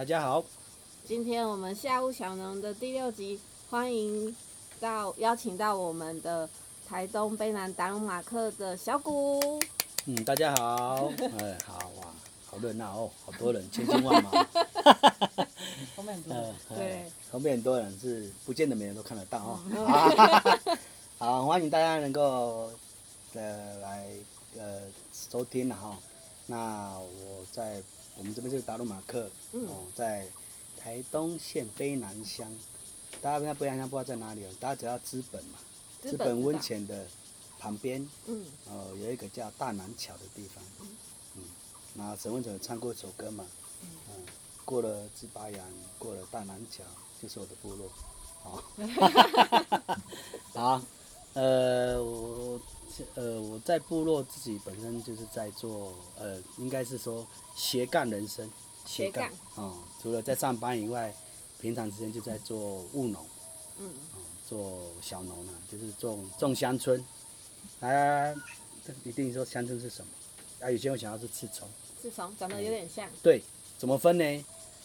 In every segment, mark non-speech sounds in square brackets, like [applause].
大家好，今天我們下午小農的第六集，歡迎到邀請到我們的台東卑南達魯瑪克的小古。嗯，大家好， [laughs] 哎，好哇，好熱鬧哦，好多人， [laughs] 千軍萬馬。 [laughs] 後面很多人，對、呃，後面很多人是不見得每人都看得到哦。 [laughs] [laughs] 好，歡迎大家能夠的來呃收聽哈，那我在。我們這邊就是達魯馬克、嗯，哦，在台東縣卑南鄉。大家不知道卑南鄉不知道在哪裡了，大家只要知本嘛，知本溫泉的旁邊，嗯，哦，有一個叫大南橋的地方。嗯嗯，那沈文程唱過一首歌嘛，嗯，過了知巴陽，過了大南橋，就是我的部落。好， [laughs] [laughs] 好，呃，我。呃，我在部落自己本身就是在做，呃，應該是說斜槓人生，斜槓，哦、嗯嗯，除了在上班以外，平常時間就在做務農，嗯，嗯，做小農啊，就是種種香椿。啊，你定義說香椿是什麼？啊，有些人會想要是刺蔥，刺蔥長得有點像，嗯，對，怎麼分呢？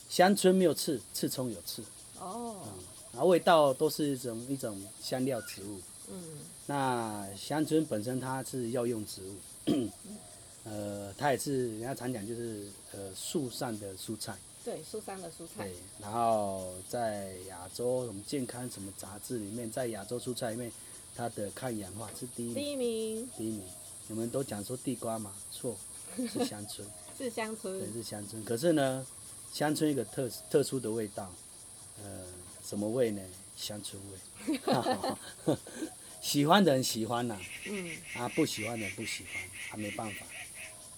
香椿沒有刺，刺蔥有刺，哦、嗯，然後味道都是一種一種香料植物。嗯，那香椿本身它是藥用植物，呃，它也是人家常講就是呃樹上的蔬菜。對，樹上的蔬菜。對，然後在亞洲什麼健康什麼雜誌裡面，在亞洲蔬菜裡面，它的抗氧化是第一。第一名。第一名。你們都講說地瓜嘛，錯，是香椿， [laughs] 是香椿。對，是香椿。可是呢，香椿一個特特殊的味道，呃，什麼味呢？香椿味， [laughs] [laughs] 喜歡的人喜歡吶、啊，嗯，啊不喜歡的人不喜歡，他、啊、沒辦法。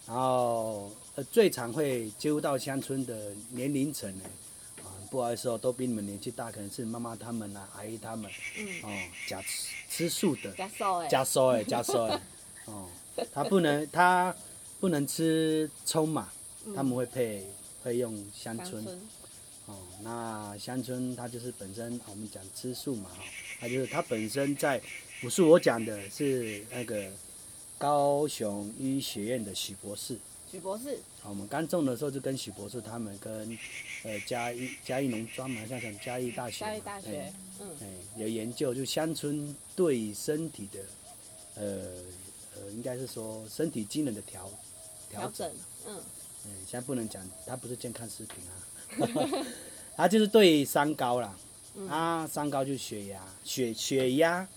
然後呃，最常會接觸到香椿的年齡層呢，啊，不好意思哦，都比你們年紀大，可能是媽媽他們吶、啊，阿姨他們，嗯、哦，加吃吃素的，加燒哎，加燒哎，加燒哎，哦、 [laughs] 嗯，他不能他不能吃蔥嘛，嗯、他們會配會用香椿。香哦，那香椿它就是本身，我們講吃素嘛，它就是它本身在，不是我講的，是那個高雄醫學院的許博士。許博士，好，哦，我們剛種的時候就跟許博士他們跟呃嘉義嘉義農專門校長嘉義大學，嘉義大學，嗯，哎、欸，有研究就香椿對身體的，呃呃，應該是說身體機能的調調整，調整，嗯。嗯、現在不能講，它不是健康食品啊呵呵，它就是對三高啦，啊，三高就是血壓、血血壓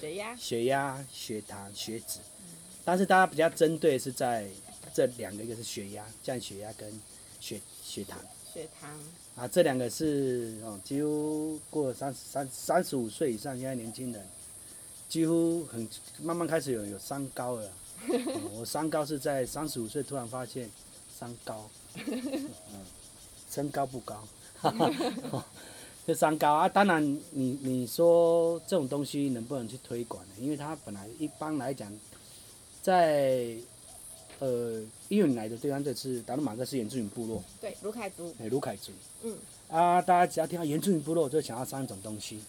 血壓、血壓、哦、血糖、血脂，但是大家比較針對的是在這兩個，一個是血壓，降血壓跟血血糖，血糖啊，這兩個是哦，幾乎過三三三十五歲以上，現在年輕人幾乎很慢慢開始有有三高了，哦、我三高是在三十五歲突然發現。三高， [laughs] 嗯，身高不高，哈哈， [laughs] 哦、就三高啊！當然你，你你說這種東西能不能去推廣呢？因為它本來一般來講，在呃，因為你來的、就是，對方這次達魯馬克是原住民部落，對，盧凱族，對盧凱族，嗯，啊，大家只要聽到原住民部落，就想要三種東西：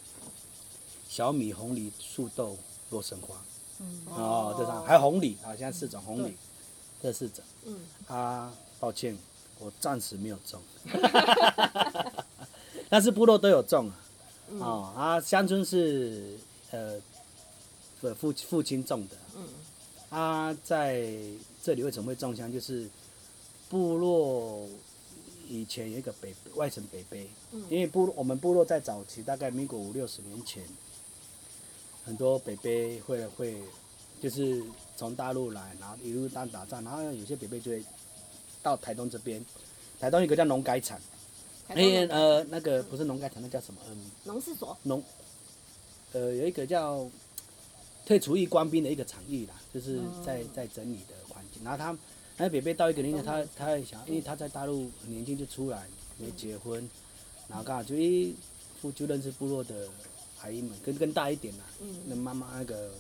小米、紅藜、樹豆、洛神花，嗯，哦，這三、哦，還有紅藜啊，現在四種紅藜。嗯這是種，嗯，啊，抱歉，我暫時沒有種哈哈哈哈，但是部落都有種啊，哦，啊，香椿是，呃，父父親種的，嗯，啊，在這裡為什麼會種香？就是部落以前有一個北外省伯伯，因為部我們部落在早期大概民國五六十年前，很多伯伯會會。會就是從大陸來，然後一路當打仗，然後有些伯伯就會到台東這邊。台東一個叫農改場、欸，呃，那個不是農改場，那叫什麼？農事所。農，呃，有一個叫退除役官兵的一個場域啦，就是在、嗯、在,在整理的環境。然後他，那伯伯到一個地方，他他在想，因為他在大陸很年輕就出來，沒結婚，嗯、然後剛好就一就認識部落的孩子們，更更大一點啦，那媽媽那個。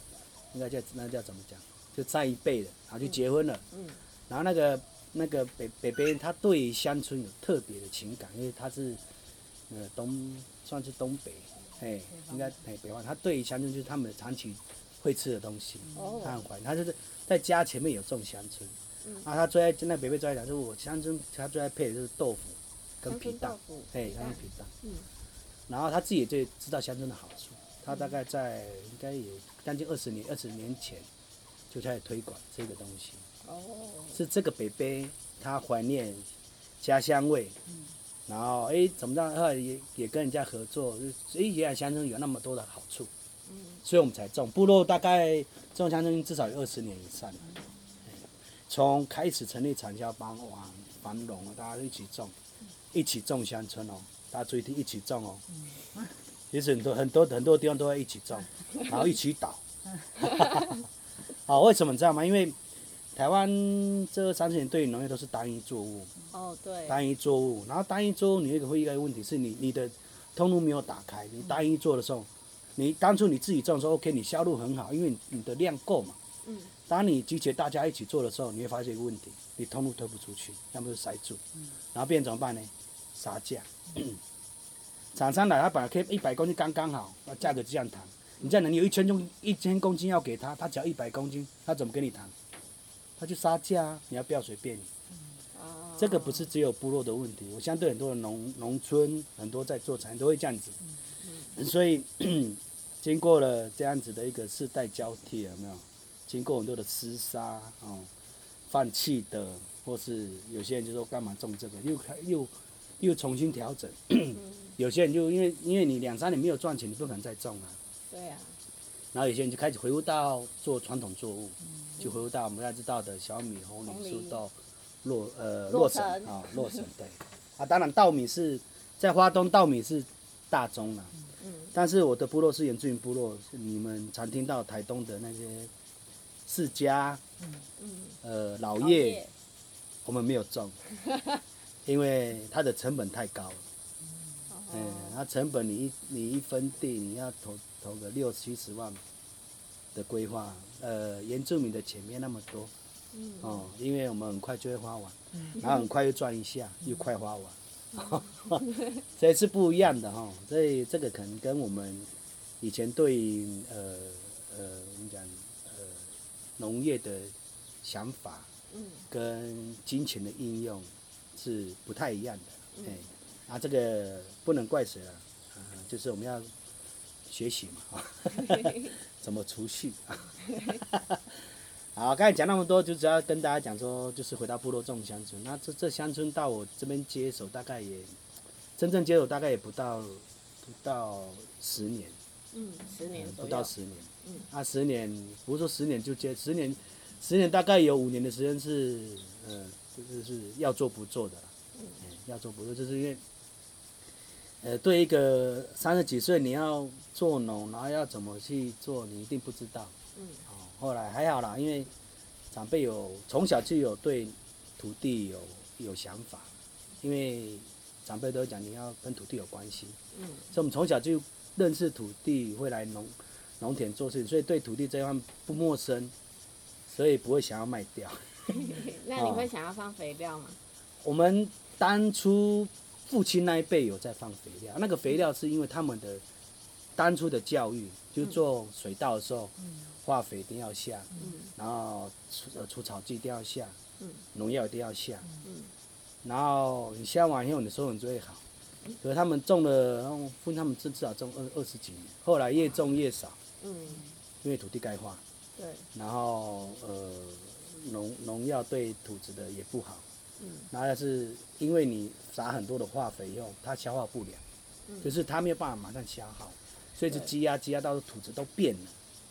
應該叫那叫怎麼講？就再一輩的，然後就結婚了。嗯。嗯，然後那個那個北北邊，他對於香椿有特別的情感，因為他是呃東算是東北，哎、嗯，應該北方北方。他對於香椿就是他們長期會吃的東西，嗯、他很懷念。他就是在家前面有種香椿。嗯。啊，他最愛現在北邊最愛講就是我香椿，他最愛配的就是豆腐跟皮蛋。哎，香椿皮蛋。嗯。然後他自己就知道香椿的好處，他大概在、嗯、應該也。將近二十年，二十年前就在推廣這個東西。哦、oh.，是這個北北他懷念家鄉味，嗯、然後哎，怎麼樣？後來也也跟人家合作，哎，野香椿有那麼多的好處、嗯，所以我們才種。部落大概種香椿至少有二十年以上、嗯、從開始成立產銷班哇，繁榮，大家一起種、嗯，一起種香椿哦，大家注意聽，一起種哦。嗯其實很多很多很多地方都在一起種，然後一起倒。啊， [laughs] [laughs] 為什麼這樣嘛？嗎？因為台灣這三十年對農業都是單一作物。哦，對。單一作物，然後單一作物，你會有一個問題，是你你的通路沒有打開。你單一做的時候，你當初你自己種的時候，OK，你銷路很好，因為你的量夠嘛。當你集結大家一起做的時候，你會發現一個問題，你通路推不出去，要麼就塞住。然後變成怎麼辦呢？殺價。廠商來，他本來可以一百公斤剛剛好，那價格這樣談。你這樣能有一千公一千公斤要給他，他只要一百公斤，他怎麼跟你談？他就殺價，啊，你要不要隨便，嗯啊？這個不是只有部落的問題，我相對很多的農農村，很多在做產業都會這樣子。嗯嗯、所以，經過了這樣子的一個世代交替，有沒有？經過很多的廝殺，哦、嗯，放棄的，或是有些人就說幹嘛種這個，又開又又重新調整。有些人就因為因為你兩三年沒有賺錢，你不可能再種了。對呀、啊。然後有些人就開始回歸到做傳統作物，嗯、就回歸到我們大家知道的小米、紅、紅米、樹豆、洛呃洛神啊，洛神對。啊，當然稻米是在花東，稻米是大宗啊。嗯、嗯但是我的部落是原住民部落，你們常聽到台東的那些釋迦，嗯、嗯呃荖葉，我們沒有種，因為它的成本太高了。嗯，那、嗯啊、成本你一你一分地，你要投投個六七十萬的規劃，呃，原住民的錢沒那麼多，哦、嗯，因為我們很快就會花完，嗯、然後很快又賺一下、嗯，又快花完，所、嗯、以是不一樣的哈。哦、所以這個可能跟我們以前對於呃呃我們講呃農業的想法，嗯，跟金錢的應用是不太一樣的，哎、嗯。啊，這個不能怪誰了啊，就是我們要學習嘛，啊， [laughs] [laughs] 怎麼儲蓄？啊、 [laughs] [laughs] 好，剛才講那麼多，就只要跟大家講說，就是回到部落這種鄉村，那這這鄉村到我這邊接手，大概也真正接手大概也不到不到十年，嗯，十年、呃、不到十年，嗯，啊，十年不是說十年就接，十年十年大概有五年的時間是，呃，就是是要做不做的嗯，嗯，要做不做，就是因為。呃，對一個三十幾歲，你要做農，然後要怎麼去做，你一定不知道。嗯，哦，後來還好啦，因為長輩有從小就有對土地有有想法，因為長輩都講你要跟土地有關係。嗯，所以我們從小就認識土地，會來農農田做事，所以對土地這一塊不陌生，所以不會想要賣掉。 [laughs] 那你會想要放肥料嗎？哦，我們當初。父親那一輩有在放肥料，那個肥料是因為他們的當初的教育，就是做水稻的時候，化肥一定要下，然後除除草劑一定要下，農藥一定要下，然後你下完以後你的收成就會好。可是他們種的，分他們至少種二二十幾年，後來越種越少，因為土地鈣化，然後呃，農農藥對土質的也不好。那、嗯、是因為你撒很多的化肥以後，它消化不了，嗯，就是它沒有辦法馬上消耗，嗯，所以就積壓積壓，積壓到時候土質都變了，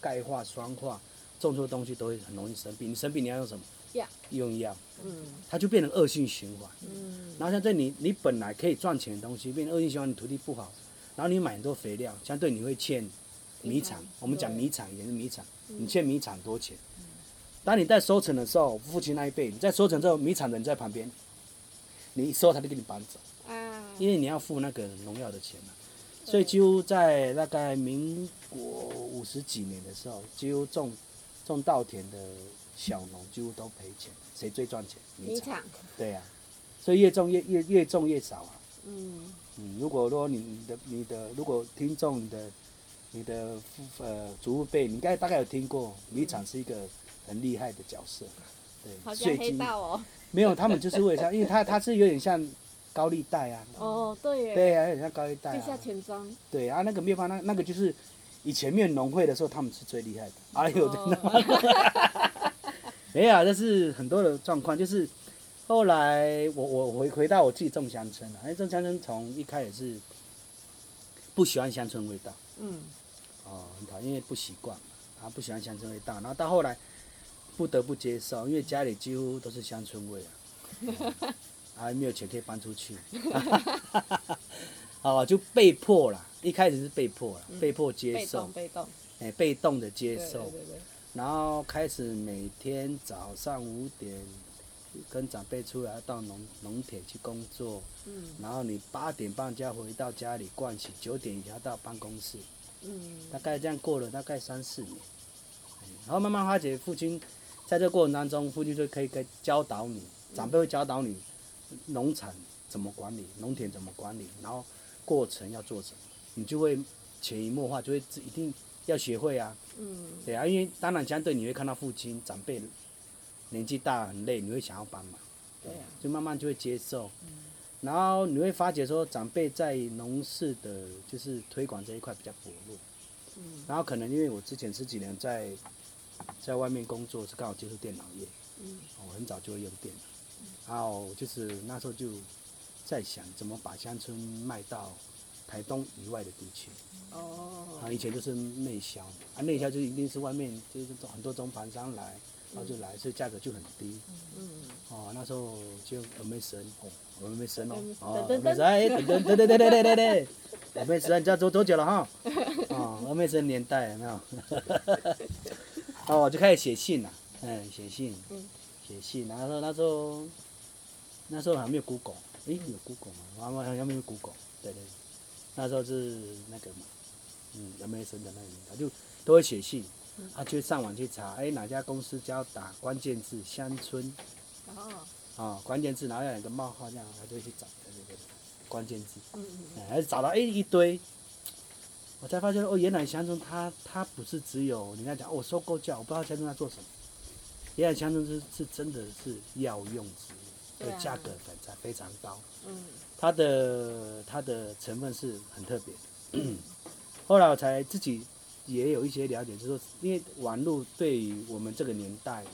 鈣化酸化，種出東西都會很容易生病。你生病你要用什麼藥，嗯？用藥，嗯，它就變成惡性循環。嗯，然後像這你你本來可以賺錢的東西變成惡性循環，你土地不好，然後你買很多肥料，相對你會欠米廠，嗯。我們講米廠也是米廠，嗯，你欠米廠多少錢？嗯當你在收成的時候，父親那一輩你在收成之後，米廠人在旁邊，你一收他就給你搬走，啊因為你要付那個農藥的錢嘛，所以幾乎在大概民國五十幾年的時候，幾乎種種稻田的小農幾乎都賠錢。誰最賺錢？米廠。對呀、啊，所以越種越越越種越少啊。嗯，嗯如果說你的你的如果聽眾的，你的呃祖父輩，你應該大概有聽過，米廠是一個。很厲害的角色，對，好像黑道哦。沒有，他們就是為像， [laughs] 因為他他是有點像高利貸啊。哦，對。對啊，有點像高利貸、啊。地下錢莊。對啊，那個滅霸那那個就是以前滅農會的時候，他們是最厲害的。哎呦，哦、真的嗎？ [laughs] [laughs] [laughs] 沒有啊，但是很多的狀況，就是後來我我回回到我自己種香椿了、啊。因為種香椿從一開始是不喜歡香椿味道。嗯。哦，很討厭，因為不習慣啊，不喜歡香椿味道。然後到後來。不得不接受，因為家裡幾乎都是鄉村味啊、 [laughs] 嗯，還沒有錢可以搬出去，啊， [laughs] [laughs] 就被迫了，一開始是被迫了，嗯，被迫接受，被動，哎，欸，被動的接受對對對對，然後開始每天早上五點跟長輩出來到農農田去工作，嗯，然後你八點半就要回到家裡盥洗，九點也要到辦公室，嗯，大概這樣過了大概三四年，嗯，然後慢慢發覺父親。在這過程當中，父親就可以，可以教導你，長輩會教導你，農場怎麼管理，農田怎麼管理，然後過程要做什麼，你就會潛移默化，就會一定要學會啊。嗯。對啊，因為當然相對你會看到父親長輩年紀大很累，你會想要幫忙。對啊。嗯。就慢慢就會接受。嗯。然後你會發覺說，長輩在農事的就是推廣這一塊比較薄弱。嗯。然後可能因為我之前十幾年在。在外面工作是剛好接觸電腦業，嗯，我、喔、很早就會用電腦、嗯，然後就是那時候就在想怎麼把香椿賣到台東以外的地區，哦，啊，以前就是內銷，嗯、啊，內銷就一定是外面就是很多中盤商來、嗯，然後就來，所以價格就很低，嗯，哦、嗯喔，那時候就峨眉生哦，我沒生哦，啊、哦，沒、哦、生、嗯哎，對對對對對對對，我沒生，你知道多多久了哈？啊，我沒生年代，沒有。哦，就開始寫信了。嗯，寫信，寫信。然後那時候那時候，那時候還沒有 Google，哎、欸，有 Google 嗎？我我還沒有 Google，對，對對。那時候是那個嘛，嗯，有沒有生的那的、個？他就都會寫信，他、啊、就上網去查，哎、欸，哪家公司叫打關鍵字香椿？哦，啊，關鍵字然後有兩個冒號？這樣他就去找那個關鍵字，嗯、欸、嗯，還是找到哎、欸、一堆。我才發現哦，原來香椿它它不是只有你看講哦收購價，我不知道香椿在做什麼。原來香椿是是真的是藥用植物，啊、價格反才非常高。嗯，它的它的成分是很特別的。 [coughs] 後來我才自己也有一些了解，就是說因為網絡對於我們這個年代，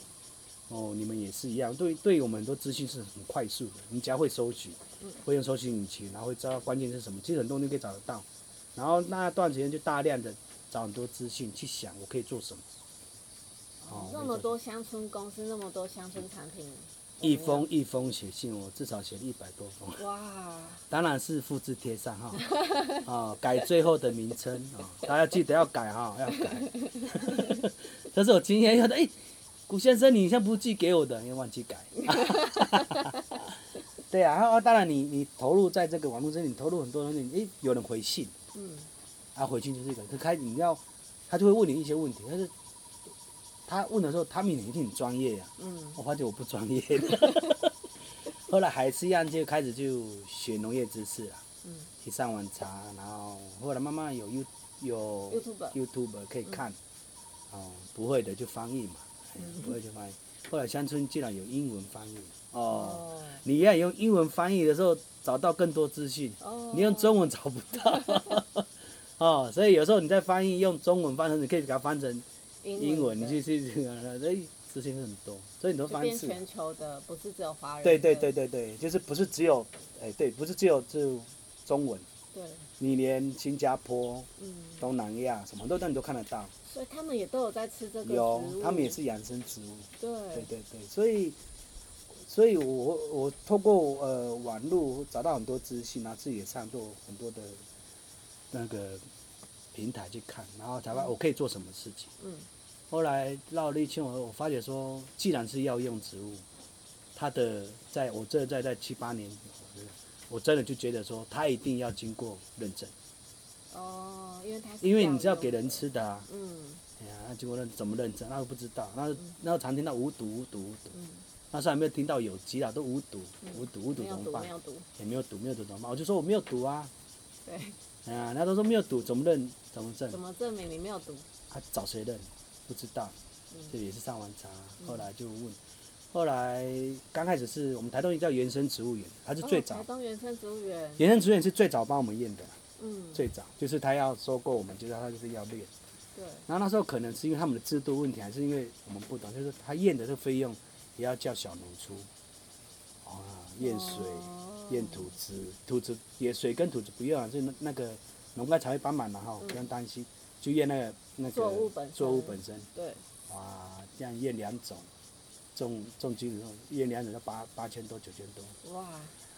哦，你們也是一樣，對對於我們很多資訊是很快速的，你只要會搜尋、嗯，會用搜尋引擎，然後會知道關鍵是什麼，其實很多東西可以找得到。然後那段時間就大量的找很多資訊去想我可以做什麼。那、哦、麼多鄉村公司，那、嗯、麼多鄉村產品。一封一封寫信，我至少寫了一百多封。哇！當然是複制貼上哈，啊、哦 [laughs] 哦、改最後的名稱、哦，大家記得要改哈、哦，要改。 [laughs] 這是我今天要……的、欸，哎，古先生，你以前不寄給我的，因為忘記改。 [laughs] 對啊、哦，當然你你投入在這個網絡上，你投入很多東西，哎、欸，有人回信。嗯，啊，回去就是一個，他開你要，他就會問你一些問題，但是，他問的時候，他們也一定很專業呀、啊。嗯，我發覺我不專業。 [laughs] [laughs] 後來還是一樣，就開始就學農業知識啊，嗯，去上網查，然後後來慢慢有 you, 有有 YouTube 可以看、嗯，哦，不會的就翻譯嘛、嗯哎，不會就翻譯。 [laughs] 後來鄉村竟然有英文翻譯。哦、oh, oh.，你要用英文翻譯的時候找到更多資訊，oh. 你用中文找不到。哦、 [laughs] oh,，所以有時候你在翻譯用中文翻成，你可以把它翻成英文，英文你去去去、啊，所以資訊很多。所以你都翻譯這邊全球的不是只有華人，對對對對對，就是不是只有哎、欸、對，不是只有就中文。對。你連新加坡、嗯、東南亞什麼都，多，你都看得到。所以他們也都有在吃這個有，他們也是養生植物。對。對對，對，所以。所以我，我我透過呃網絡找到很多資訊、啊，然後自己也上做很，很多的，那個平台去看，然後才發現我可以做什麼事情。嗯。嗯後來繞了一圈，我我發覺說，既然是藥用植物，它的在我這在在七八年，我真的就覺得說，它一定要經過認證。哦，因為是。因為你知道給人吃的啊。嗯。經過認怎麼認證？那不知道，那那常聽到無毒無毒。無毒。無毒嗯那時候還沒有聽到有機了，都無毒、嗯，無毒無毒怎麼辦？也沒有毒，沒有毒怎麼辦？我就說我沒有毒啊。對。啊，人家都說沒有毒，怎麼認？怎麼證？怎麼證明你沒有毒？他、啊、找誰認？不知道。嗯。這也是上網查，後來就問。嗯、後來剛開始是我們台東叫原生植物園，他是最早、哦。台東原生植物園。原生植物園是最早幫我們驗的。嗯。最早就是他要收購我們，就是他就是要驗。對。然後那時候可能是因為他們的制度問題，還是因為我們不懂，就是他驗的這個費用。也要叫小農出，啊，驗水、驗、哦、土質，土質也水跟土質不用啊，所以那那個農耕才會幫忙嘛，哈、嗯，不用擔心。就驗那個那個作物本身，作物本身，對、啊，哇！這樣驗兩種，重重金以後種種幾種，驗兩種要八八千多，九千多，哇！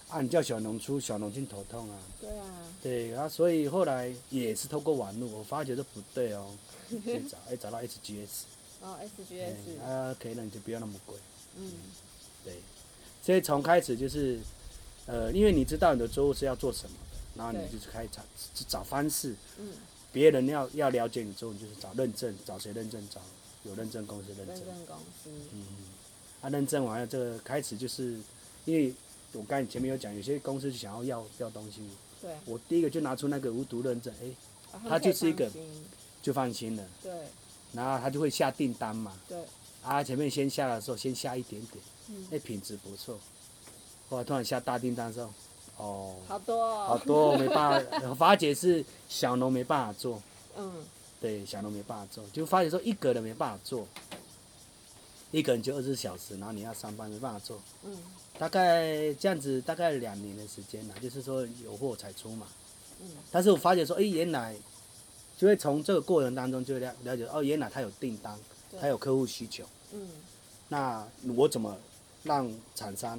啊，你叫小農出，小農就頭痛啊。對啊。對啊，所以後來也是透過網絡，我發覺這不對哦，去找，哎、 [laughs] 欸，找到 S G S。哦，S G S。啊，可以了，你就不要那麼貴。嗯，對，所以從開始就是，呃，因為你知道你的作物是要做什麼的，然後你就是開始找找方式。嗯，別人要要了解你作物，你就是找認證，找誰認證，找有認證公司認證。認證公司。嗯，啊，認證完了，這個開始就是，因為我剛才前面有講，有些公司就想要要要東西。對。我第一個就拿出那個無毒認證，哎、啊，他就是一個就放心了。對。然後他就會下訂單嘛。對。啊，前面先下的時候，先下一點點，嗯、欸，那品質不錯。後來突然下大訂單的時候，哦，好多、哦，好多、哦、沒辦法。 [laughs] 發覺是小農沒辦法做，嗯，對，小農沒辦法做，就發覺說一個人沒辦法做，一個人就二十四小時，然後你要上班沒辦法做，嗯，大概這樣子，大概兩年的時間了。就是說有貨才出嘛，嗯，但是我發覺說，哎、欸，原來就會從這個過程當中就了了解，哦，原來它有訂單。還有客戶需求，嗯，那我怎麼讓廠商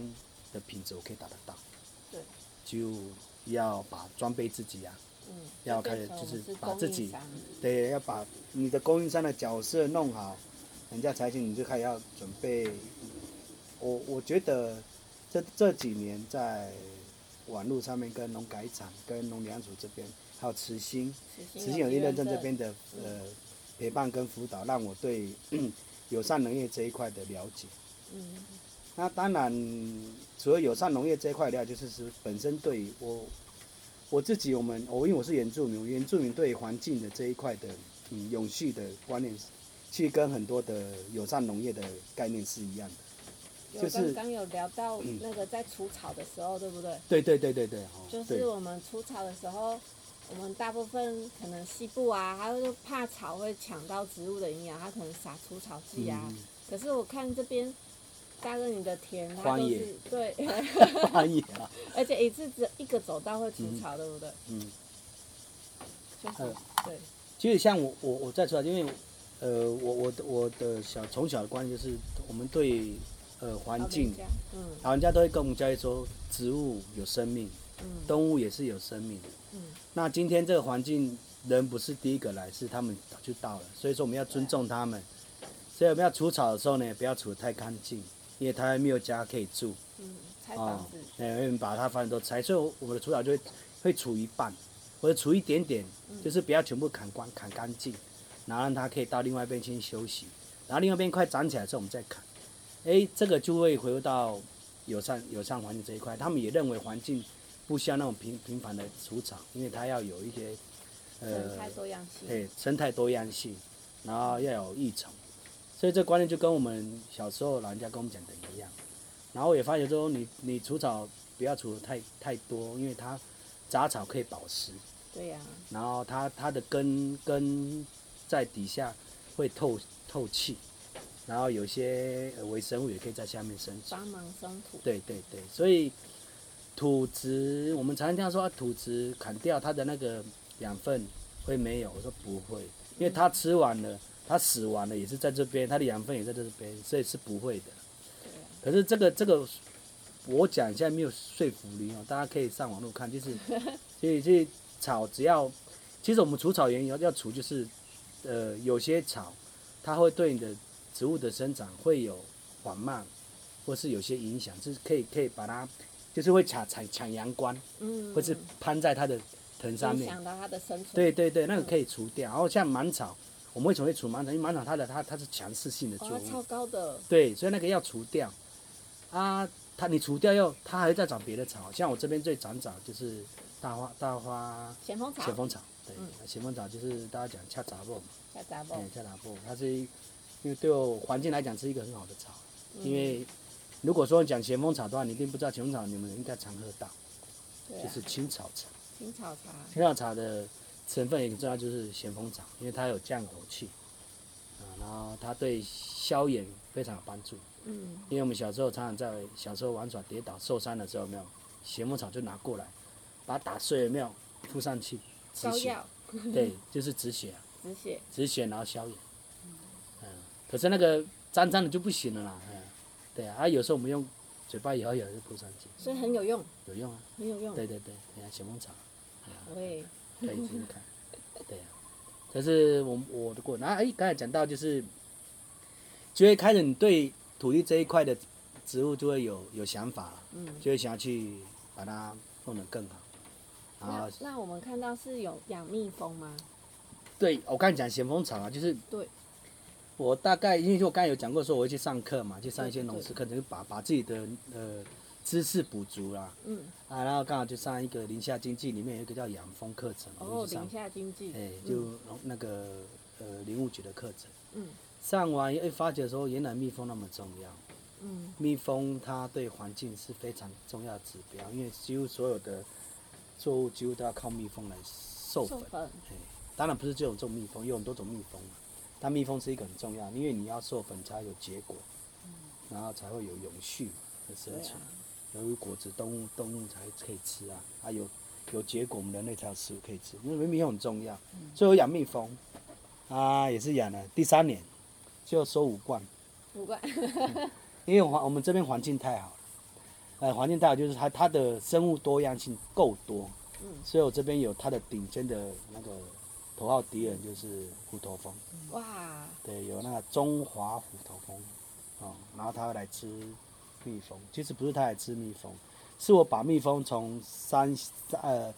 的品質我可以達得到？對，就要把裝備自己啊，嗯，要開始就是把自己對，要把你的供應商的角色弄好，人家才行。你就開始要準備，我我覺得這這幾年在網絡上面跟農改場、跟農糧署這邊，還有慈心、慈心有機認證這邊的、嗯、呃。陪伴跟輔導，讓我對友善農業這一塊的了解。嗯，那當然，除了友善農業這一塊以外，就是是本身對我我自己，我們我因為我是原住民，我原住民對環境的這一塊的嗯永續的觀念，其實跟很多的友善農業的概念是一樣的。有就是剛有聊到那個在除草的時候，嗯，對不對？對對對對對。就是我們除草的時候。我們大部分可能西部啊，它都怕草會搶到植物的營養，他可能撒除草，草劑啊、嗯。可是我看這邊大哥你的田它是，荒野，對，荒野、啊， [laughs] 而且一次只一個走道會除草，草、嗯，對不對？嗯。嗯、就是呃，對。其實像我，我，我再說，因為，呃，我，我，我的小從小的觀念就是，我們對，呃，環境，嗯，老人家都會跟我們教育說，植物有生命，嗯，動物也是有生命的。嗯、那今天這個環境人不是第一個來，是他們早就到了，所以說我們要尊重他們。所以我們要除草的時候呢，不要除得太乾淨，因為他還沒有家可以住。嗯，拆房子哎，哦嗯、我們把它房子都拆，所以我們的除草就會會除一半，或者除一點點，嗯、就是不要全部砍光，砍乾淨，然後讓它可以到另外一邊先休息。然後另外一邊快長起來之後我們再砍。哎，這個就會回到友善，友善環境這一塊。他們也認為環境。不像那種平平凡的除草，因為它要有一些，呃，生態多樣性，對，生態多樣性，然後要有益蟲，所以這觀念就跟我們小時候老人家跟我們講的一樣。然後我也發覺說你，你你除草不要除太太多，因為它雜草可以保持，對呀、啊，然後它它的根根在底下會透透氣，然後有些微生物也可以在下面生存，幫忙生土，對對對，所以。土植，我們常聽到說，土植砍掉它的那個養分會沒有？我說不會，因為它吃完了，它死完了，也是在這邊，它的養分也在這邊，所以是不會的。可是這個這個，我講一下沒有說服力哦，大家可以上網路看，就是所以這草只要，其實我們除草原因要要除就是，呃，有些草它會對你的植物的生長會有緩慢或是有些影響，就是可以可以把它。就是會搶搶搶陽光，嗯，或是攀在它的藤上面，搶到它的生存。對對對，嗯，那個可以除掉。然後像芒草，我們為什麼會除芒草？因為芒草它的它它是強勢性的作物，哦，它超高的。對，所以那個要除掉。啊，它你除掉以後，它還在長別的草。像我這邊最長草就是大花大花，咸豐草。咸豐草，對，嗯，咸豐草就是大家講恰雜木嘛。雜對，恰雜木，它是一，因為對環境來講是一個很好的草，嗯，因為。如果說講咸豐草的話，你一定不知道咸豐草，你們應該常喝到，啊、就是青草茶。青草茶。青草茶的成分也很重要，就是咸豐草，因為它有降火氣啊，呃，然後它對消炎非常有幫助。嗯。因為我們小時候常常在小時候玩耍，跌倒受傷的時候，沒有咸豐草，就拿過來，把它打碎了沒有，敷上去。止血。藥 [laughs] 對，就是止血。止血。止血，然後消炎。嗯、呃。可是那個髒髒的就不行了啦。對啊，啊，有時候我們用嘴巴以後也是鋪上去，所以很有用。有用啊，很有用。對對對，你看、啊、咸豐草對、啊。對。可以自己看，對、啊。可是我我的過程，那、啊、哎，剛才講到就是，就會開始你對土地這一塊的植物就會有有想法了，就會想要去把它弄得更好、嗯那。那我們看到是有養蜜蜂嗎？對，我剛才講咸豐草啊，就是。對。我大概因為我剛才有講過說我會去上課嘛，去上一些農事課程，把把自己的呃知識補足啦。嗯。啊，然後剛好就上一個林下經濟裡面有一個叫養蜂課程我上。哦，林下經濟。哎、欸，就、嗯、那個呃林務局的課程。嗯。上完一發覺說原來蜜蜂那麼重要。嗯。蜜蜂它對環境是非常重要的指標，因為幾乎所有的作物幾乎都要靠蜜蜂來授粉。授粉。哎、欸，當然不是只有這種蜜蜂，有很多種蜜蜂嘛。它蜜蜂是一個很重要，因為你要授粉才有結果，然後才會有永續的生存。由於、啊、果子動物動物才可以吃啊，它、啊、有有結果，我們人類，才有食物可以吃，因為蜜蜂很重要。嗯、所以我養蜜蜂啊，也是養了第三年，就要收五罐。五罐 [laughs] 、嗯，因為我我們這邊環境太好了，呃，環境太好就是它它的生物多樣性夠多，所以我這邊有它的頂尖的那個。頭號敵人就是虎頭蜂，哇，對，有那個中華虎頭蜂，哦、嗯，然後他會來吃蜜蜂，其實不是他來吃蜜蜂，是我把蜜蜂從山，呃，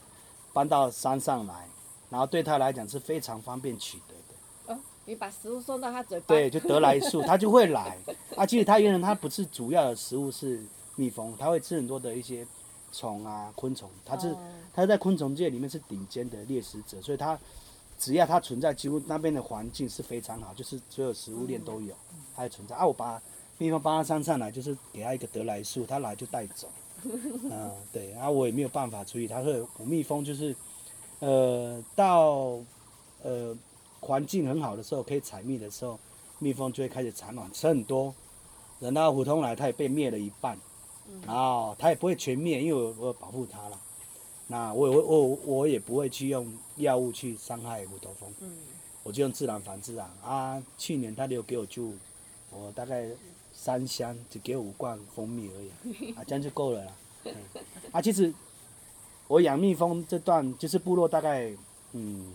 搬到山上來，然後對他來講是非常方便取得的。哦、你把食物送到他嘴巴，對，就得來一束，他就會來。 [laughs] 啊，其實他原來他不是主要的食物是蜜蜂，他會吃很多的一些蟲啊昆蟲，他是、嗯、他在昆蟲界裡面是頂尖的獵食者，所以他。只要它存在，幾乎那邊的環境是非常好，就是所有食物鏈都有，它也存在。啊，我把蜜蜂把它放上，上來，就是給它一個得來速，它來就帶走。嗯、啊，對，然、啊、後我也沒有辦法處理。它會，蜜蜂就是，呃，到，呃，環境很好的時候，可以採蜜的時候，蜜蜂就會開始產卵，吃很多。等到普通來，它也被滅了一半，然後它也不會全滅，因為我保護它了。那我也我我也不會去用藥物去傷害虎頭蜂，我就用自然防治啊，去年他就給我就，我大概三箱，只給我五罐蜂蜜而已，啊，這樣就夠了啦。嗯、 [laughs] 啊，其實我養蜜蜂這段就是部落大概，嗯，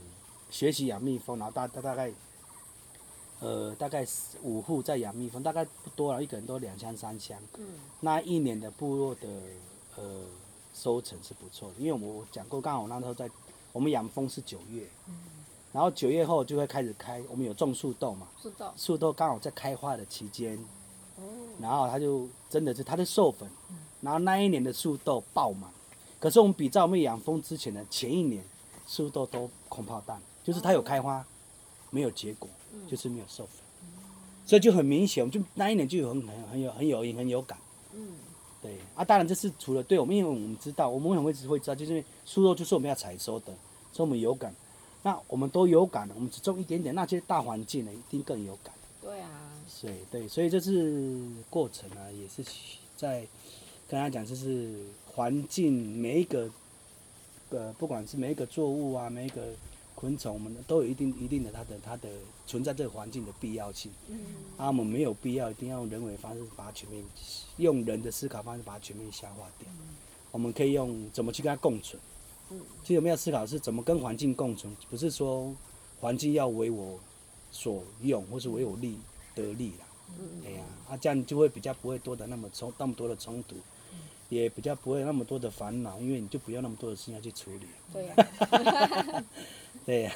學習養蜜蜂，然後大大大概，呃，大概五戶在養蜜蜂，大概不多了，然後一個人都兩箱、三、嗯、箱。那一年的部落的呃。收成是不錯的，因為我講過，剛好我那時候在，我們養蜂是九月、嗯，然後九月後就會開始開，我們有種樹豆嘛，樹豆，樹豆剛好在開花的期間、嗯，然後它就真的是它的授粉、嗯，然後那一年的樹豆爆滿，可是我們比照我們養蜂之前的前一年，樹豆都空包彈，就是它有開花、嗯，沒有結果，就是沒有授粉、嗯，所以就很明顯，我們就那一年就很很很有很有很有，很有感，嗯。對啊，當然這是除了對我們，因為我們知道，我們為什麼會知會知道，就是因為素肉就是我們要採收的，所以我們有感。那我們都有感，我們只種一點點，那些大環境呢一定更有感。對啊，所以對，所以這是過程啊，也是在跟大家講，就是環境每一個，呃，不管是每一個作物啊，每一個。昆蟲我們都有一定，一定的它的，它的存在這個環境的必要性，嗯，啊，我們沒有必要一定要用人為方式把它全面，用人的思考方式把它全面消化掉，嗯、我們可以用怎麼去跟它共存，嗯，其實我們要思考是怎麼跟環境共存，不是說環境要為我所用或是為我利得利啦，嗯，對呀、啊，啊這樣就會比較不會多的那麼衝那麼多的衝突。也比較不會那麼多的煩惱，因為你就不要那麼多的事情要去處理。對呀、啊 [laughs] 對啊 [laughs] 啊，對呀，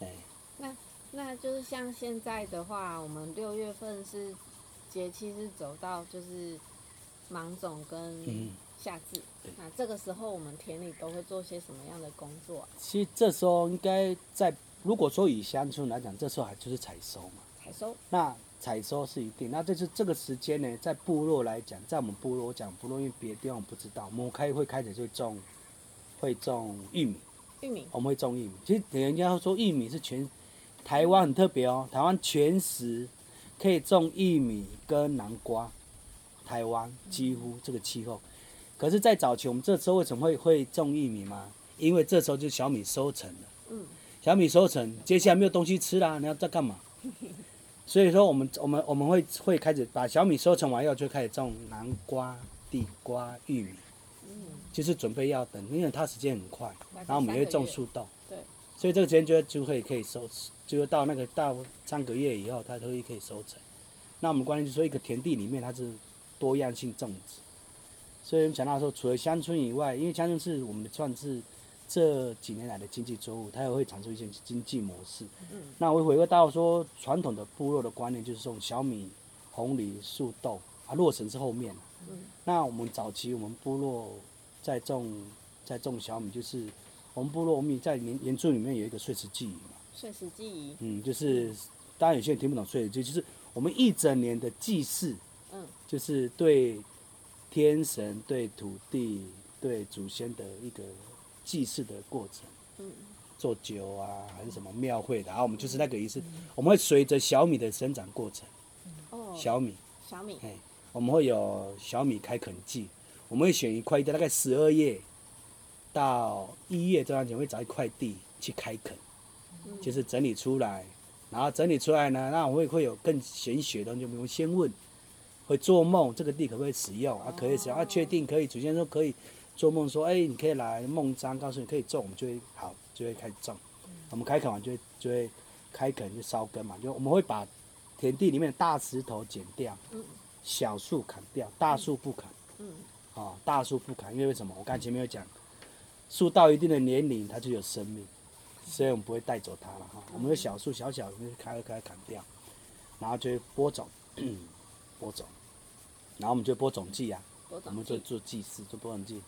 哎。那那就是像現在的話，我們六月份是節氣是走到就是芒種跟夏至、嗯，那這個時候我們田裡都會做些什麼樣的工作、啊？其實這時候應該在，如果說以鄉村來講，這時候還就是採收嘛。採收。那。採收是一定，那這是這個時間呢，在部落來講，在我們部落講，部落因為別的地方我不知道，我們我開會開始就種，會種玉米，玉米，我們會種玉米。其實人家說玉米是全台灣很特別哦，台灣全時可以種玉米跟南瓜，台灣幾乎這個氣候。可是，在早期，我們這時候為什麼會會種玉米嗎？因為這時候就是小米收成了，嗯，小米收成，接下來沒有東西吃啦，你要在幹嘛？所以說我，我們我們我們會會開始把小米收成完以後，就開始種南瓜、地瓜、玉米，嗯，就是準備要等，因為它時間很快，然後我們也會種樹豆。對，所以這個時間就會就可以可以收，就會到那個到三個月以後，它就可以收成。那我們關鍵就是說一個田地裡面它是多樣性種植，所以我們講到說，除了香椿以外，因為香椿是我們的創制。這幾年來的經濟作物，它也會產生一些經濟模式。嗯，那我回過到說，傳統的部落的觀念就是種小米、紅藜、樹豆啊，洛神是後面、啊。嗯，那我們早期我們部落在種在種小米，就是我們部落我們在年原原著裡面有一個歲時祭儀嘛。歲時祭儀，嗯，就是，當然有些人聽不懂歲時祭，就是我們一整年的祭祀。嗯，就是對天神、對土地、對祖先的一個。祭祀的過程，嗯，做酒啊，還是什麼廟會的，然、嗯、後、啊、我們就是那個意思。嗯、我們會隨着小米的生長過程，小、嗯、米，小米，哎、哦，我們會有小米開墾季，我們會選一塊地，大概十二月到一月這段時間，會找一塊地去開墾，嗯，就是整理出來，然後整理出來呢，那我們會會有更玄學的東西，我們先問，會做夢，這個地可不可以使用？哦、啊，可以使用，啊，確定可以，首先說可以。做夢說，哎、欸，你可以來夢章告，告訴你可以種，我們就會好，就會開始種。嗯、我們開墾完就會就會開墾就燒根嘛，就我們會把田地裡面的大石頭剪掉，嗯、小樹砍掉，大樹不砍。嗯。哦，大樹不砍，因為為什麼？我剛才前面有講，樹到一定的年齡它就有生命，所以我們不會帶走它了哈、哦。我們小樹小小，我們開開砍掉，然後就會播種，嗯、播種、啊，然後我們就播種祭啊，我們就做祭祀，做播種祭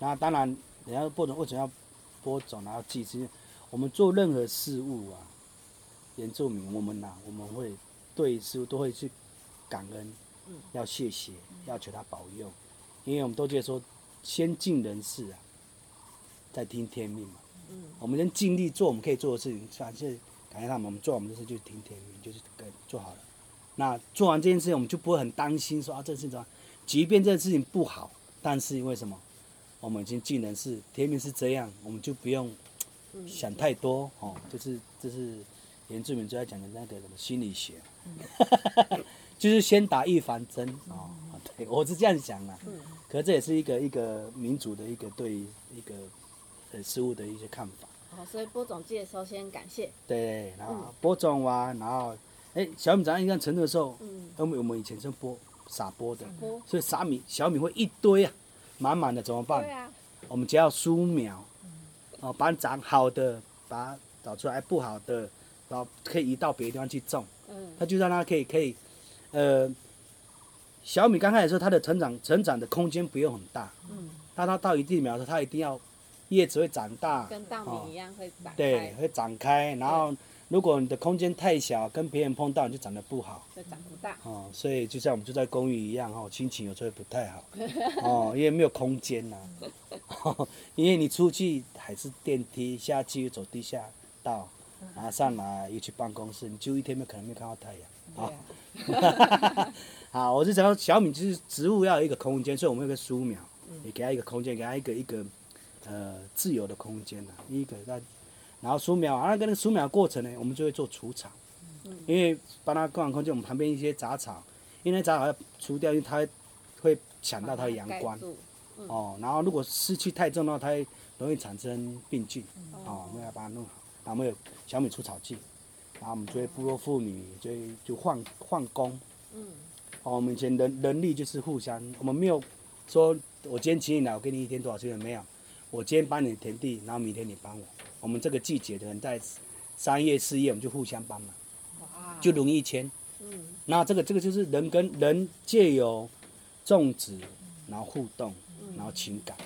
那當然，人家不種為什麼要播種，然後祭祀？我們做任何事物啊，原住民，我們吶、啊，我們會對事物都會去感恩，要謝謝，要求他保佑。因為我們都覺得說，先盡人事啊，再聽天命嘛。我們先盡力做我們可以做的事情，感謝感謝他們。我們做我們的事，就聽天命，就是給做好了。那做完這件事情，我們就不會很擔心說啊，這件事情，怎麼，即便這件事情不好，但是因為什麼？我們已經盡人事，天命是這樣，我們就不用想太多、嗯嗯、哦。就是這、就是原住民最愛講的那個什麼心理學，嗯、 [laughs] 就是先打預防針哦。對，我是這樣子想啊，、嗯，可這也是一個一個民族的一個對於一個、呃、事物的一些看法。哦，所以播種季的時候先感謝。對，然後播種完，然後哎、欸、小米，長一定程度的時候，嗯，我們我們以前是播撒播的撒播，所以撒米小米會一堆啊。滿滿的怎麼辦？對啊，我們只要疏苗，哦，把長好的把它找出來，不好的然後可以移到別的地方去種。嗯，它就讓它可以可以，呃，小米剛開始時候它的成長成長的空間不用很大。嗯，但它到一定苗的時候，它一定要葉子會長大，跟稻米一樣會長、哦、對，會長開，然後。嗯如果你的空間太小，跟別人碰到你就長得不好，長不大。哦，所以就像我們住在公寓一樣，哦，心情有時候也不太好。 [laughs] 哦，因為沒有空間吶、啊。 [laughs] 因為你出去還是電梯下去走地下道，然後上來又去辦公室，你就一天沒有可能沒有看到太陽、啊。好，哈哈哈哈哈。好，我是想說，小米就是植物要有一個空間，所以我們有個樹苗，你、嗯、給它一個空間，給它一個一個呃自由的空間第、啊、一個在。那然後疏苗，啊，那個疏苗的過程呢，我們就會做除草，嗯、因為幫他更好空間，我們旁邊一些雜草，因為雜草要除掉，因為它會搶到它的陽光他、嗯，哦，然後如果濕氣太重的話，它會容易產生病菌，嗯、哦，我們要把它弄好。然後我們有小米除草劑，然後我們作為部落婦女、嗯、就就換換工，嗯，哦，我們以前人人力就是互相，我們沒有說我今天請你來，我給你一天多少錢，沒有，我今天幫你田地，然後明天你幫我。我們這個季節的人在三月四月，我們就互相幫忙，就容易簽。那這個這個就是人跟人借由種植，然後互動，然後情感，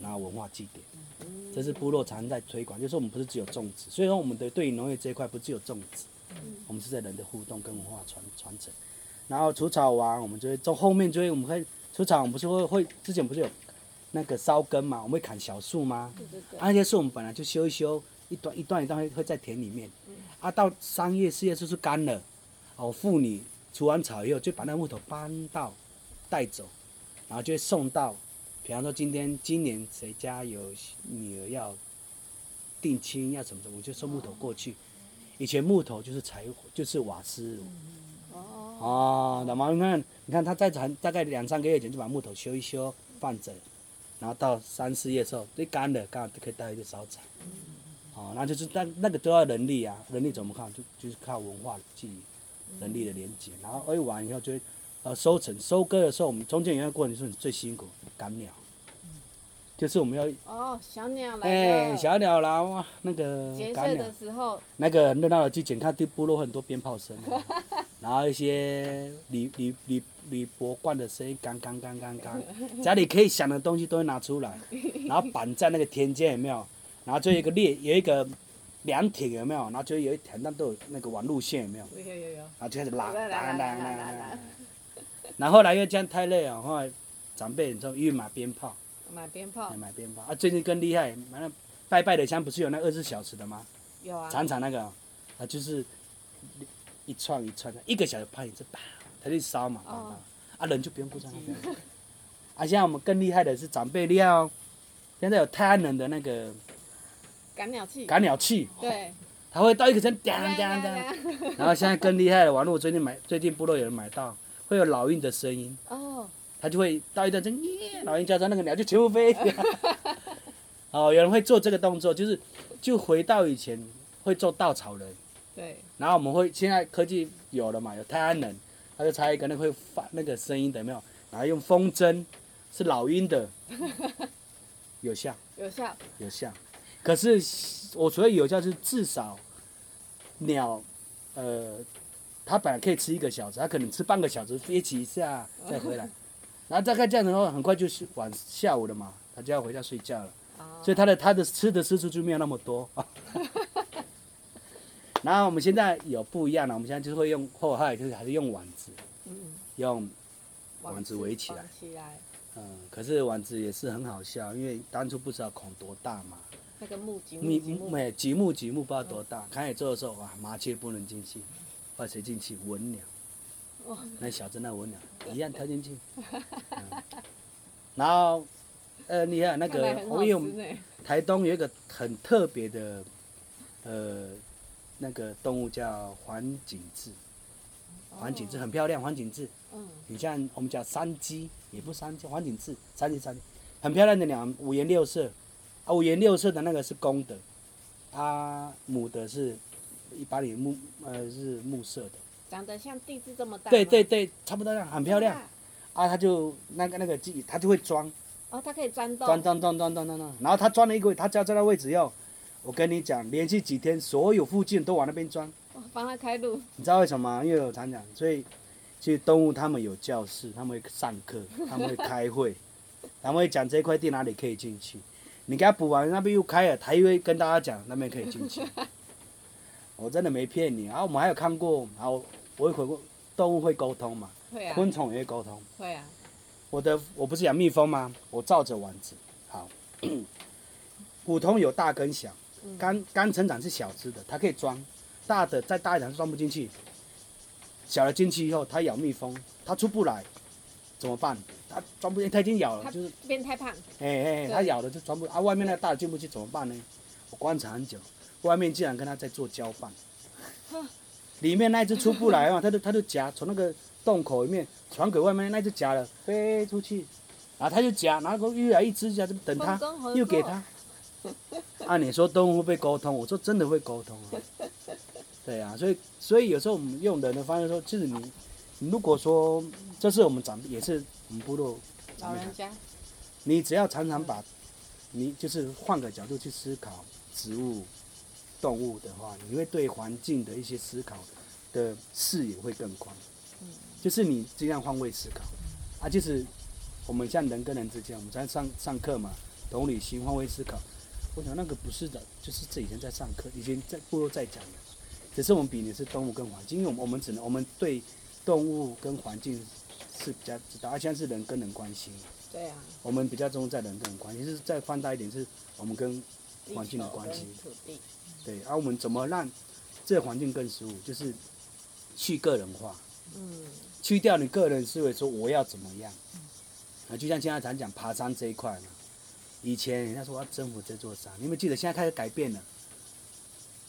然後文化祭典，這是部落常常在推廣。就是我們不是只有種植，所以說我們的對農業這一塊不是只有種植，我們是在人的互動跟文化傳傳承。然後除草完，我們就會從後面就會，我們可以除草我們不是會會之前不是有。那個燒根嘛，我們會砍小樹嗎？對對對啊、那些樹我們本來就修一修，一段一段一段會在田裡面。嗯、啊，到三月四月就是乾了，哦，婦女除完草以後就把那木頭搬到帶走，然後就會送到，比方說今天今年誰家有女兒要定親要什麼的，我就送木頭過去。嗯、以前木頭就是柴火，就是瓦斯。嗯、哦。那麼你看，你看他在長大概兩三個月前就把木頭修一修，放着。然後到三四月的時候，最乾的，剛好可以帶一個掃帚。哦，那就是那那個都要人力啊，人力怎麼看？就就是靠文化記憶，人力的連接。然後餵完以後就，呃，收成收割的時候，我們中間有一個過程就是最辛苦，趕鳥。就是我們要。哦，小鳥來哎、欸，小鳥來哇，那個。趕鳥的時候。那個很熱鬧的，去、那、撿、個那個、看，就部落很多鞭炮聲，那個、 [laughs] 然後一些你你你。鋁箔罐的聲音，剛剛剛剛剛，家裡可以響的東西都會拿出來， [laughs] 然後綁在那個田間有沒有？然後就有一個鏈， [laughs] 有一個涼亭有沒有？然後就有一條那種那個網路線有沒有？有有有。然後就開始拉，拉拉拉拉拉。然後，後來因為這樣太累啊，後來長輩你說去買鞭炮，買鞭炮，買鞭炮。啊，最近更厲害，買那拜拜的槍不是有那二十小時的嗎？有啊。常常那個，啊就是一串一串的，一個小時拍一次打。它就燒嘛，oh. 啊，啊人就不用顧這 [laughs] 啊，現在我們更厲害的是長輩料，現在有太陽能的那個，趕鳥器。趕鳥器。對。它、哦、會到一個聲，叮叮叮 [laughs] 然後現在更厲害的，網絡，最近買，最近部落有人買到，會有老鷹的聲音。哦、oh.。他就會到一段聲，yeah. 老鷹叫他，那個鳥就全部飛。 [laughs] 哦，有人會做這個動作，就是就回到以前會做稻草人。對。然後我們會現在科技有了嘛，有太陽能。他就猜可能會發那個聲音的有沒有？然後用風箏是老鷹的，有效，有效，有效。可是我所謂有效，是至少鳥，呃，它本來可以吃一個小時，它可能吃半個小時飛起一下再回來，然後大概這樣子的話，很快就晚下午了嘛，它就要回家睡覺了。所以它的它的吃的次數就沒有那麼多。 [laughs] 然後我們現在有不一樣了，啊，我們現在就是會用，後來就是還是用網子，嗯嗯用網子圍起來，子起來，嗯，可是網子也是很好笑，因為當初不知道孔多大嘛，那個木集木，每集木集木，集木不知道多大，開、嗯、始做的時候啊，麻雀不能進去，怪、嗯、誰進去？文鳥，那小隻那文鳥一樣跳進去， [laughs] 嗯、然後呃，你看那個，因為我們台東有一個很特別的，呃。那個動物叫環頸雉，環頸雉很漂亮。環頸雉，嗯，你像我們叫山雞，也不山雞，環頸雉。山雞山雞，很漂亮的鳥，五顏六色，啊，五顏六色的那個是公的，它母的是，一把你木，呃是木色的，長得像地雞這麼大，對對對，差不多樣，很漂亮。啊，它就那個那個雞，它就會鑽。哦，它可以鑽洞。鑽鑽鑽鑽鑽鑽，然後它鑽了一個，它就在這個位置要。我跟你講，連續幾天，所有附近都往那邊鑽，我幫他開路。你知道為什麼？因為我常講，所以其實動物他們有教室，他們會上課，他們會開會， [laughs] 他們會講這塊地哪裡可以進去。你給他補完那邊又開了，他又會跟大家講那邊可以進去。 [laughs] 我真的沒騙你啊！我們還有看過後、啊、我、我回過動物會溝通嘛，啊、昆蟲也會溝通。會啊。我的我不是養蜜蜂嗎？我照着丸子好， [coughs] 普通有大跟小。剛剛成長是小只的，它可以裝大的，再大一點裝不進去。小的進去以後，它咬蜜蜂，它出不來，怎麼辦？它裝不進，它已經咬了，就是變太胖。哎哎，它咬了就裝不，啊，外面那個大的進不去怎麼辦呢？我觀察很久，外面竟然跟它在做交換。裡面那只出不來嘛，它就它就夾從那個洞口裡面傳給外面那只夾了飛出去，啊，它就夾，然後又來一只夾，就等它又給它。按、 [laughs] 啊、你說動物會被溝通，我說真的會溝通啊。對啊，所以所以有時候我們用人的方式說，其實你，你如果說這是我們長也是我們部落長，老人家，你只要常常把、嗯，你就是換個角度去思考植物、動物的話，你會對環境的一些思考的視野會更寬。就是你這樣換位思考，嗯、啊，就是我們像人跟人之間，我們在上上課嘛，同理心換位思考。我想那個不是的，就是這幾天在上課，已經在，不如在講了。只是我們比你是動物跟環境，因為我們我們只能我們對動物跟環境是比較知道，而且是人跟人關係。對啊。我們比較重在人跟人關係，就是再放大一點，是我們跟環境的關係。對，而我們怎麼讓這環境更舒服，就是去個人化。嗯。去掉你個人思維，說我要怎麼樣。嗯。啊，就像現在常講爬山這一塊。以前人家說我要征服這座山，你有沒有記得？現在開始改變了。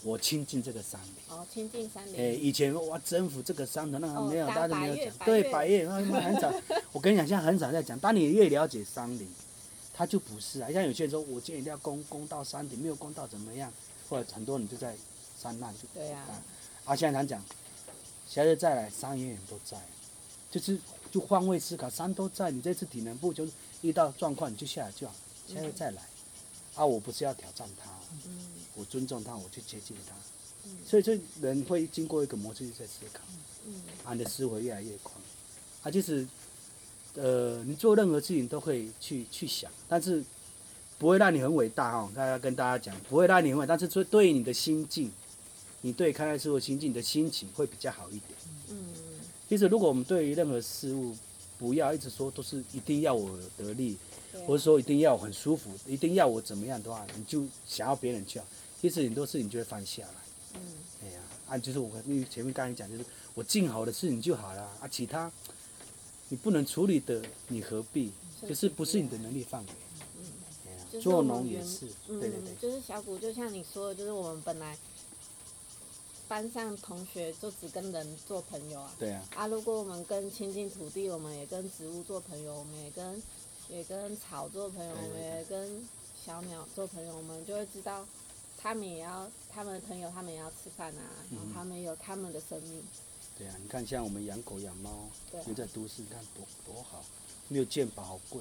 我親近這個山林。哦，親近山林。哎、欸，以前我征服這個山的，那個、還沒有、哦，大家都沒有講。對，百岳，那、哦、很少。 [laughs] 我跟你講，現在很少在講。當你越了解山林，他就不是啊。像有些人說，我今天一定要攻攻到山頂，沒有攻到怎麼樣？或者很多人就在山那裡。對啊。啊，現在他講，下次再來，山也，也永遠都在，就是就換位思考，山都在，你這次體能不就遇到狀況，你就下來就好。現在再來、嗯，啊，我不是要挑戰他，嗯，我尊重他，我去接近他，嗯、所以這人會經過一個模式就在思考，嗯嗯，啊，你的思維越來越寬，啊，就是，呃，你做任何事情都會去去想，但是不會讓你很偉大哈。大家跟大家講，不會讓你很偉大，但是這對於你的心境，你對看待事物心境你的心情會比較好一點。嗯，其實如果我們對於任何事物不要一直說都是一定要我得利。不、啊、是說一定要我很舒服，一定要我怎麼樣的話，你就想要別人去。其實很多事情就會放下來。嗯，哎呀、啊，啊，就是我，你前面剛才講就是我盡好的事情就好了啊，其他你不能處理的，你何必？就是不是你的能力範圍。嗯，對啊，就是、做農也是，對、對、對、嗯、就是小古，就像你說的，就是我們本來班上同學就只跟人做朋友啊。對啊。啊，如果我們跟親近土地，我們也跟植物做朋友，我們也跟。也跟草做朋友，我們也跟小鳥做朋友，我們就會知道，他們也要，他們的朋友，他們也要吃飯啊，嗯、然後他們有他們的生命。對啊，你看像我們養狗養貓，對、啊，現在都市你看多多好，沒有健保，好貴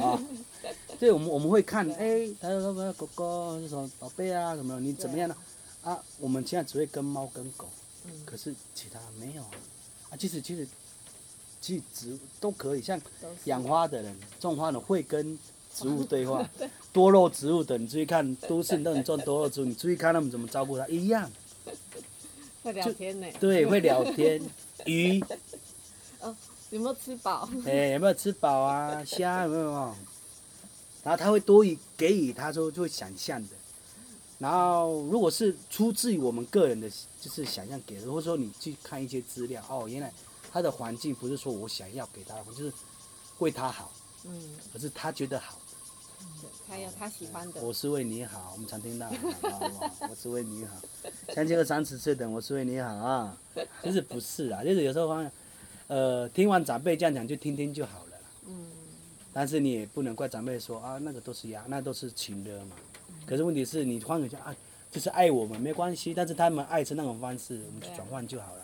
哦啊，對、啊， [laughs] 所以我們我們會看，哎，他說，什麼狗狗，就說寶貝啊什麼，你怎麼樣呢啊？啊，我們現在只會跟貓跟狗，嗯、可是其他沒有啊，其實其實。去植物都可以，像養花的人，種花的會跟植物對話。多肉植物的你注意看，都是那種多肉植物，你注意看他們怎麼照顧他一樣。會聊天呢、欸？對，會聊天。 [laughs] 魚、哦。有沒有吃飽？哎、欸，有沒有吃飽啊？蝦有沒有？然後他會多以給予，他說就會想象的。然後如果是出自於我們個人的，就是想象給的，或者說你去看一些資料，哦，原來。他的環境不是說我想要給他，我就是為他好。嗯。可是他覺得好。對、嗯，還、嗯、有他喜歡的。我是為你好，我們常聽到。 [laughs] 好好，我是為你好。像這個三十歲的，我是為你好啊。其實不是啊？就是有時候方，呃，聽完長輩這樣講，就聽聽就好了。嗯。但是你也不能怪長輩說啊，那個都是牙那個、都是情的嘛。可是問題是你換個家，就是愛我們沒關係，但是他們愛是那種方式，我們就轉換就好了。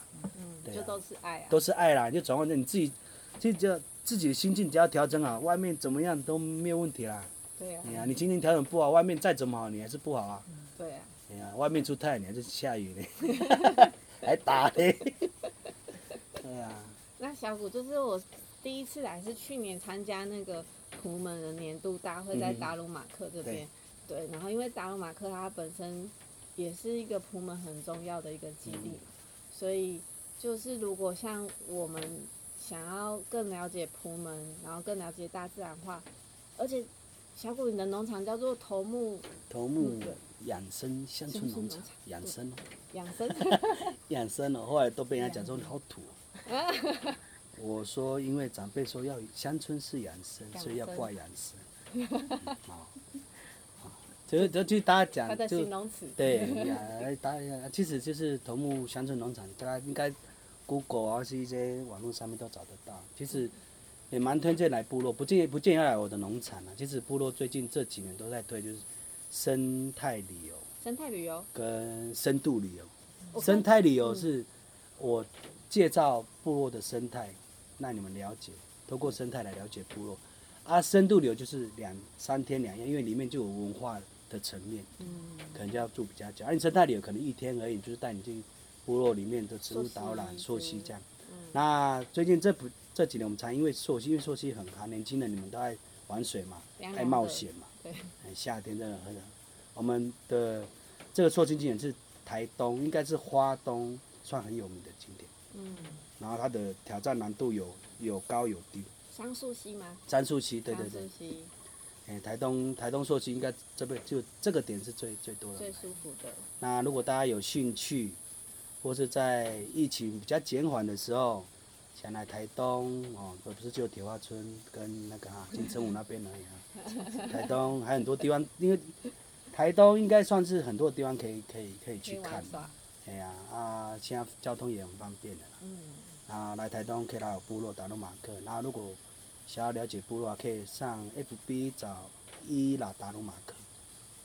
啊、就都是愛啊，都是愛啦，你就轉換成你自己，自己就叫自己的心境，只要調整好，外面怎麼樣都沒有問題啦。對啊。呀、啊，你今天調整不好，外面再怎麼好，你還是不好啊。嗯、對啊。哎呀、啊，外面出太陽，你還是下雨嘞， [laughs] [laughs] 還打嘞、欸。 [laughs] 對呀、啊。那小古就是我第一次來，是去年參加那個普門的年度大會，在達魯馬克這邊、嗯。對。對，然後因為達魯馬克它本身也是一個普門很重要的一個基地，嗯、所以。就是如果像我們想要更了解埔門，然後更了解大自然話，而且小古你的農場叫做頭目頭目養生香、嗯、椿農場養、就是、生養、喔、生養 [laughs] 生、喔，後來都被人家講說你好土、喔， [laughs] 我說因為長輩說要香椿是養生， [laughs] 所以要掛養生、 [laughs] 嗯好，好，就就就大家講就，他的新就對，大家其實就是頭目香椿農場，大家應該。Google 啊，是一些網絡上面都找得到。其實也蠻推薦來部落，不建議不建議要來我的農場啊。其實部落最近這幾年都在推，就是生態旅遊、生態旅遊跟深度旅遊。生態旅遊是我介紹部落的生態，讓你們了解，通過生態來了解部落。啊，深度旅遊就是兩三天兩夜，因為裡面就有文化的層面，嗯，可能就要住比較久。而、啊、你生態旅遊可能一天而已，就是帶你進。部落裡面的植物導覽、溯溪這樣。嗯、那最近這不這幾年我們才因為溯溪，因為溯溪很寒年輕人你們都愛玩水嘛，愛冒險嘛。對、哎。夏天真的很，冷我們的這個碩溪景點是台東，應該是花東算很有名的景點。嗯。然後它的挑戰難度有有高有低。杉樹溪嗎？杉樹溪，對對對。杉樹溪。哎，台東台東溯溪應該這邊就，就這個點是最最多的。最舒服的。那如果大家有興趣。或是在疫情比較減緩的時候，想來台東哦，而不是只有鐵花村跟那個哈、啊、金城武那邊而已啊。 [laughs] 台東還有很多地方，因為台東應該算是很多地方可以可以可以去看。對呀啊，現在交通也很方便的啦。嗯、啊，來台東可以到部落達魯瑪克，然後如果想要了解部落，可以上 FB 找伊拉達魯瑪克。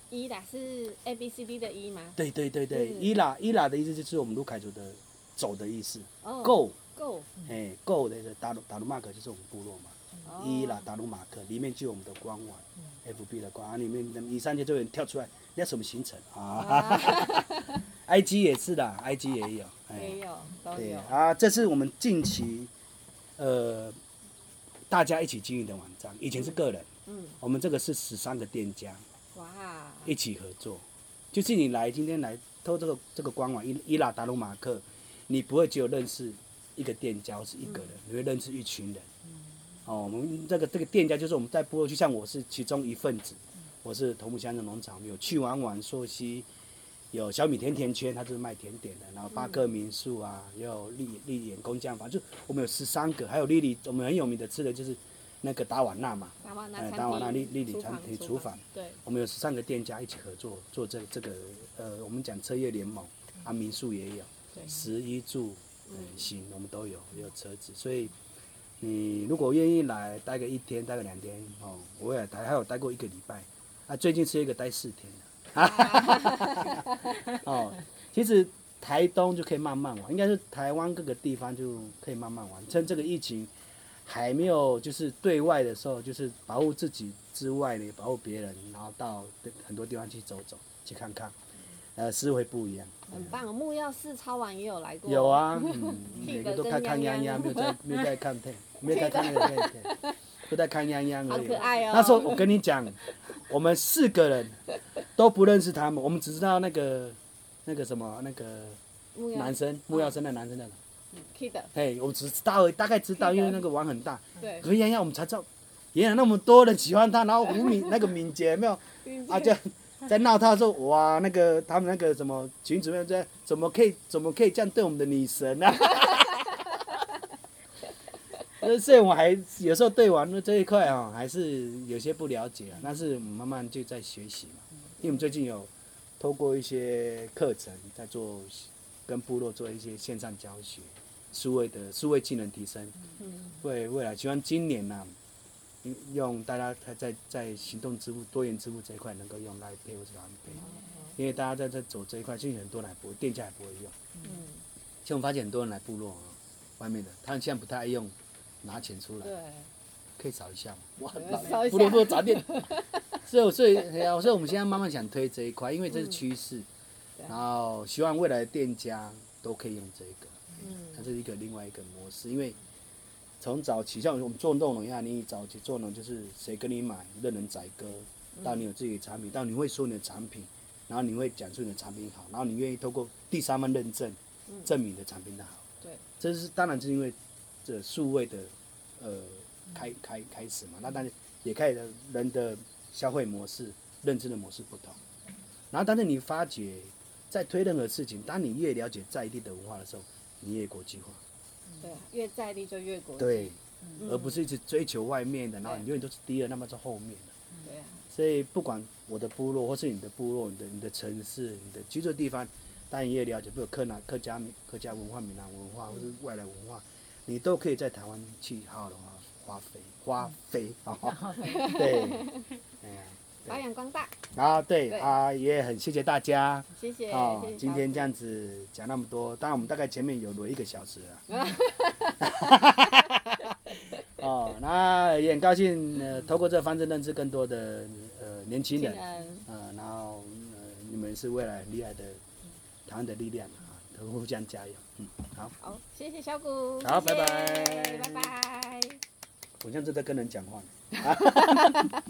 伊啦是 A B C D 的一、e、嗎？對對對對，嗯、伊啦伊啦的意思就是我們魯凱族的“走”的意思。哦。Go, Go、嗯。Go。哎，Go 的是達魯達魯瑪克，就是我們部落嘛。嗯、伊拉達魯瑪克裡面就有我們的官網、嗯、，F B 的官、啊，裡面你上去就有人跳出來。要什麼行程啊？埃、啊、及 [laughs] I G 也是的，I G 也有。也、啊哎、有都有。對啊，這是我們近期，呃，大家一起經營的網站。以前是個人。嗯。嗯我們這個是十三個店家。一起合作，就是你來今天來透過這個這個官網伊伊拉達魯馬克，你不會只有認識一個店家，或是一個人、嗯，你會認識一群人。嗯、哦，我們這個這個店家就是我們在部落，像我是其中一份子，嗯、我是頭目香椿農場，我們有去玩玩溯溪，有小米甜甜圈，他是賣甜點的，然後巴克民宿啊，也有麗麗眼工匠坊，就我們有十三個，還有麗麗，我們很有名的吃的就是。那個達瓦納嘛，哎，達、嗯、瓦納麗麗麗餐廳廚房，對，我們有三個店家一起合作做這個、這個，呃，我們講車業聯盟，啊，民宿也有，食衣住、嗯嗯，行，我們都有，也有車子，所以你如果願意來，待個一天，待個兩天，哦，我也還還有待過一個禮拜，啊，最近是一個待四天，哈哈哈哈哈哈，哦，其實台東就可以慢慢玩，應該是台灣各個地方就可以慢慢玩，趁這個疫情。還沒有，就是對外的時候，就是保護自己之外呢，保護別人，然後到很多地方去走走，去看看，呃，是會不一樣。很棒、嗯，木曜4超玩也有來過。有啊，嗯， [laughs] 每個都看鴨鴨看泱泱，沒有在， [laughs] 沒有在看配，沒有在看配佩，只 [laughs] 在看泱泱而已、哦。那時候我跟你講，我們四個人都不認識他們，我們只知道那個那個什麼那個男生木曜、哦、木曜生的男生的。對，我只知道，大概知道，因為那個網很大。嗯、對。可以讓我們才知道原來那麼多人喜歡他，然後敏那個敏捷沒有？啊，就，在鬧他說哇，那個他們那個什麼群主們在怎麼可以怎麼可以這樣對我們的女神啊？哈哈哈哈哈哈！哈，所以我還有時候對網絡這一塊啊，還是有些不了解，但是我們慢慢就在學習嘛。因為我們最近有，透過一些課程在做，跟部落做一些線上教學。數位的數位技能提升，為、嗯、未來，希望今年呢、啊，用大家在在在行動支付、多元支付這一塊能夠用來配合我們，因為大家在在走這一塊，進行很多人來不會，店家也不會用。嗯，像我們發現很多人來部落啊、呃，外面的，他們現在不太愛用，拿錢出來，對可以掃一,一下，哇，不胡蘿蔔雜店，所以所以、啊、所以我們現在慢慢想推這一塊，因為這是趨勢、嗯，然後希望未來的店家都可以用這個。它、嗯、是一個另外一個模式，因為從早期像我們做農一樣，你早期做農，就是誰跟你買，任人宰割；到你有自己的產品，嗯、到你會說你的產品，然後你會講述你的產品好，然後你願意透過第三方認證、嗯，證明你的產品的好。對，這是當然，是因為這數位的呃開開開始嘛。那當然也開始人的消費模式、認知的模式不同。然後，但是你發覺，在推任何事情，當你越了解在地的文化的時候，越國際化、嗯，對，越在地就越國際，對、嗯，而不是一直追求外面的，然後你永遠都是第二，那麼在後面的，對，所以不管我的部落，或是你的部落，你的你的城市，你的居住地方，當你越了解，比如客南客家、客家文化、閩南文化，或是外來文化，你都可以在台灣去好的話，花費花費、嗯， [laughs] 對、啊，哎呀。發揚、啊、光大啊！對，對，對啊，也很謝謝大家。謝謝啊、哦！今天這樣子講那麼多，當然我們大概前面有錄一個小時。啊。 [laughs] [laughs] 哦，那也很高興，呃，透過這個方式認識更多的呃年輕人啊、呃，然後呃你們是未來很厲害的台灣的力量啊，都互相加油。嗯，好。好，謝謝小古。好，謝謝拜拜。拜拜。我像是在跟人講話啊。哈哈哈哈哈。